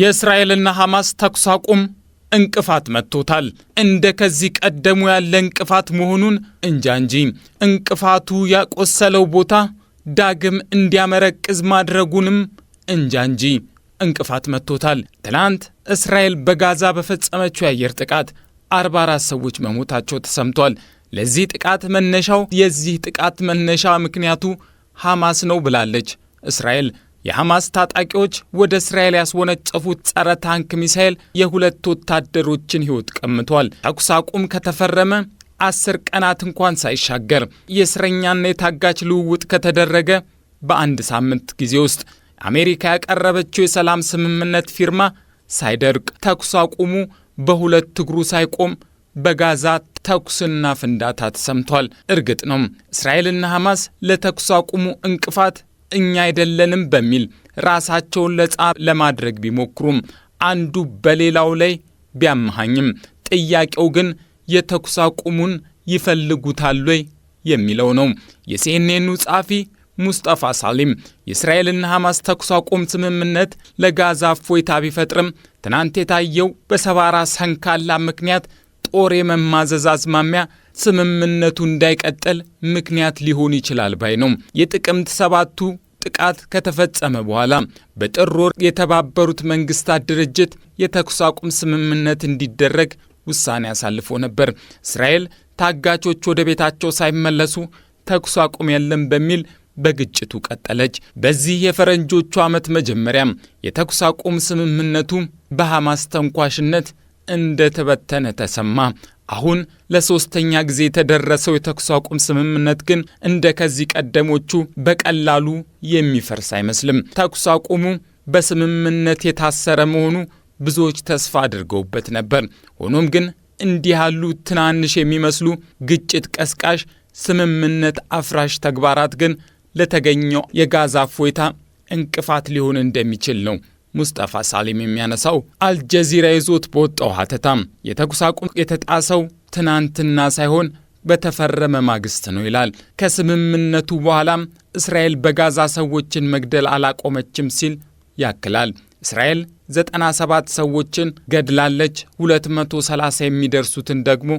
የእስራኤልና ሐማስ ተኩስ አቁም እንቅፋት መጥቶታል። እንደ ከዚህ ቀደሙ ያለ እንቅፋት መሆኑን እንጃ እንጂ እንቅፋቱ ያቆሰለው ቦታ ዳግም እንዲያመረቅዝ ማድረጉንም እንጃ እንጂ እንቅፋት መጥቶታል። ትናንት እስራኤል በጋዛ በፈጸመችው የአየር ጥቃት 44 ሰዎች መሞታቸው ተሰምቷል። ለዚህ ጥቃት መነሻው የዚህ ጥቃት መነሻ ምክንያቱ ሐማስ ነው ብላለች እስራኤል የሐማስ ታጣቂዎች ወደ እስራኤል ያስወነጨፉት ጸረ ታንክ ሚሳኤል የሁለት ወታደሮችን ሕይወት ቀምቷል። ተኩስ አቁም ከተፈረመ አስር ቀናት እንኳን ሳይሻገር የእስረኛና የታጋች ልውውጥ ከተደረገ በአንድ ሳምንት ጊዜ ውስጥ አሜሪካ ያቀረበችው የሰላም ስምምነት ፊርማ ሳይደርቅ ተኩስ አቁሙ በሁለት እግሩ ሳይቆም በጋዛ ተኩስና ፍንዳታ ተሰምቷል። እርግጥ ነው እስራኤልና ሐማስ ለተኩስ አቁሙ እንቅፋት እኛ አይደለንም በሚል ራሳቸውን ለጻ ለማድረግ ቢሞክሩም አንዱ በሌላው ላይ ቢያመሃኝም ጥያቄው ግን የተኩስ አቁሙን ይፈልጉታል ወይ የሚለው ነው። የሲኤንኤኑ ጸሐፊ ሙስጠፋ ሳሊም የእስራኤልና ሐማስ ተኩስ አቁም ስምምነት ለጋዛ እፎይታ ቢፈጥርም ትናንት የታየው በሰባራ ሰንካላ ምክንያት ጦር የመማዘዝ አዝማሚያ ስምምነቱ እንዳይቀጥል ምክንያት ሊሆን ይችላል ባይ ነው። የጥቅምት ሰባቱ ጥቃት ከተፈጸመ በኋላ በጥር ወር የተባበሩት መንግስታት ድርጅት የተኩስ አቁም ስምምነት እንዲደረግ ውሳኔ አሳልፎ ነበር። እስራኤል ታጋቾች ወደ ቤታቸው ሳይመለሱ ተኩስ አቁም የለም በሚል በግጭቱ ቀጠለች። በዚህ የፈረንጆቹ ዓመት መጀመሪያም የተኩስ አቁም ስምምነቱ በሐማስ ተንኳሽነት እንደተበተነ ተሰማ። አሁን ለሶስተኛ ጊዜ የተደረሰው የተኩስ አቁም ስምምነት ግን እንደ ከዚህ ቀደሞቹ በቀላሉ የሚፈርስ አይመስልም። ተኩስ አቁሙ በስምምነት የታሰረ መሆኑ ብዙዎች ተስፋ አድርገውበት ነበር። ሆኖም ግን እንዲህ ያሉ ትናንሽ የሚመስሉ ግጭት ቀስቃሽ ስምምነት አፍራሽ ተግባራት ግን ለተገኘው የጋዛ እፎይታ እንቅፋት ሊሆን እንደሚችል ነው ሙስጠፋ ሳሊም የሚያነሳው አልጀዚራ ይዞት በወጣው ሀተታም የተኩስ አቁም የተጣሰው ትናንትና ሳይሆን በተፈረመ ማግስት ነው ይላል። ከስምምነቱ በኋላም እስራኤል በጋዛ ሰዎችን መግደል አላቆመችም ሲል ያክላል። እስራኤል 97 ሰዎችን ገድላለች፣ 230 የሚደርሱትን ደግሞ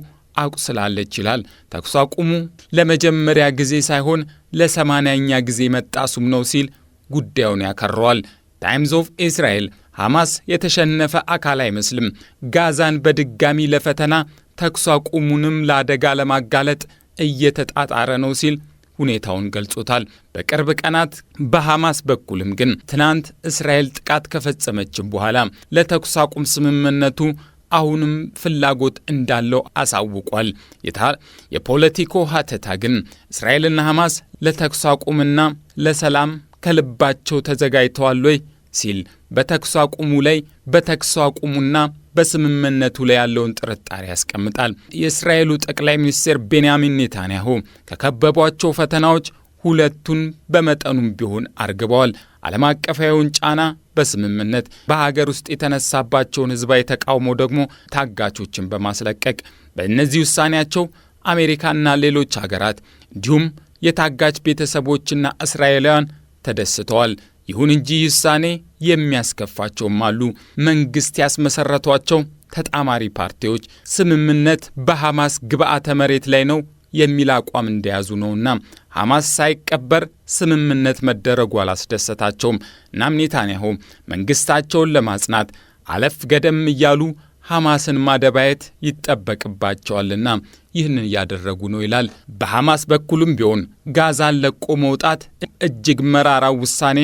አቁስላለች ይላል። ተኩስ አቁሙ ለመጀመሪያ ጊዜ ሳይሆን ለሰማንያኛ ጊዜ መጣሱም ነው ሲል ጉዳዩን ያከረዋል። ታይምስ ኦፍ እስራኤል ሐማስ የተሸነፈ አካል አይመስልም። ጋዛን በድጋሚ ለፈተና ተኩስ አቁሙንም ለአደጋ ለማጋለጥ እየተጣጣረ ነው ሲል ሁኔታውን ገልጾታል። በቅርብ ቀናት በሐማስ በኩልም ግን ትናንት እስራኤል ጥቃት ከፈጸመችም በኋላ ለተኩስ አቁም ስምምነቱ አሁንም ፍላጎት እንዳለው አሳውቋል። የፖለቲኮ ሀተታ ግን እስራኤልና ሐማስ ለተኩስ አቁምና ለሰላም ከልባቸው ተዘጋጅተዋል ወይ ሲል በተኩስ አቁሙ ላይ በተኩስ አቁሙና በስምምነቱ ላይ ያለውን ጥርጣሬ ያስቀምጣል። የእስራኤሉ ጠቅላይ ሚኒስትር ቤንያሚን ኔታንያሁ ከከበቧቸው ፈተናዎች ሁለቱን በመጠኑም ቢሆን አርግበዋል። ዓለም አቀፋዊውን ጫና በስምምነት በሀገር ውስጥ የተነሳባቸውን ህዝባዊ ተቃውሞ ደግሞ ታጋቾችን በማስለቀቅ በእነዚህ ውሳኔያቸው አሜሪካና ሌሎች ሀገራት እንዲሁም የታጋች ቤተሰቦችና እስራኤላውያን ተደስተዋል። ይሁን እንጂ ውሳኔ የሚያስከፋቸውም አሉ። መንግሥት ያስመሰረቷቸው ተጣማሪ ፓርቲዎች ስምምነት በሐማስ ግብዓተ መሬት ላይ ነው የሚል አቋም እንደያዙ ነውና ሐማስ ሳይቀበር ስምምነት መደረጉ አላስደሰታቸውም። እናም ኔታንያሁ መንግሥታቸውን ለማጽናት አለፍ ገደም እያሉ ሐማስን ማደባየት ይጠበቅባቸዋልና ይህንን እያደረጉ ነው ይላል። በሐማስ በኩልም ቢሆን ጋዛን ለቆ መውጣት እጅግ መራራው ውሳኔ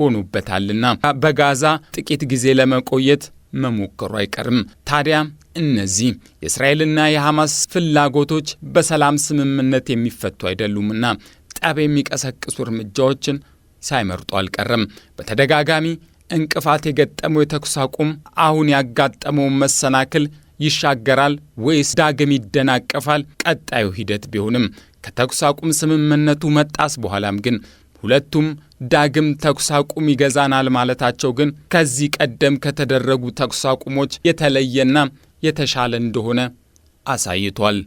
ሆኖበታልና በጋዛ ጥቂት ጊዜ ለመቆየት መሞከሩ አይቀርም። ታዲያ እነዚህ የእስራኤልና የሐማስ ፍላጎቶች በሰላም ስምምነት የሚፈቱ አይደሉምና ጠብ የሚቀሰቅሱ እርምጃዎችን ሳይመርጡ አልቀርም። በተደጋጋሚ እንቅፋት የገጠመው የተኩስ አቁም አሁን ያጋጠመውን መሰናክል ይሻገራል ወይስ ዳግም ይደናቀፋል? ቀጣዩ ሂደት ቢሆንም ከተኩስ አቁም ስምምነቱ መጣስ በኋላም ግን ሁለቱም ዳግም ተኩስ አቁም ይገዛናል ማለታቸው ግን ከዚህ ቀደም ከተደረጉ ተኩስ አቁሞች የተለየና የተሻለ እንደሆነ አሳይቷል።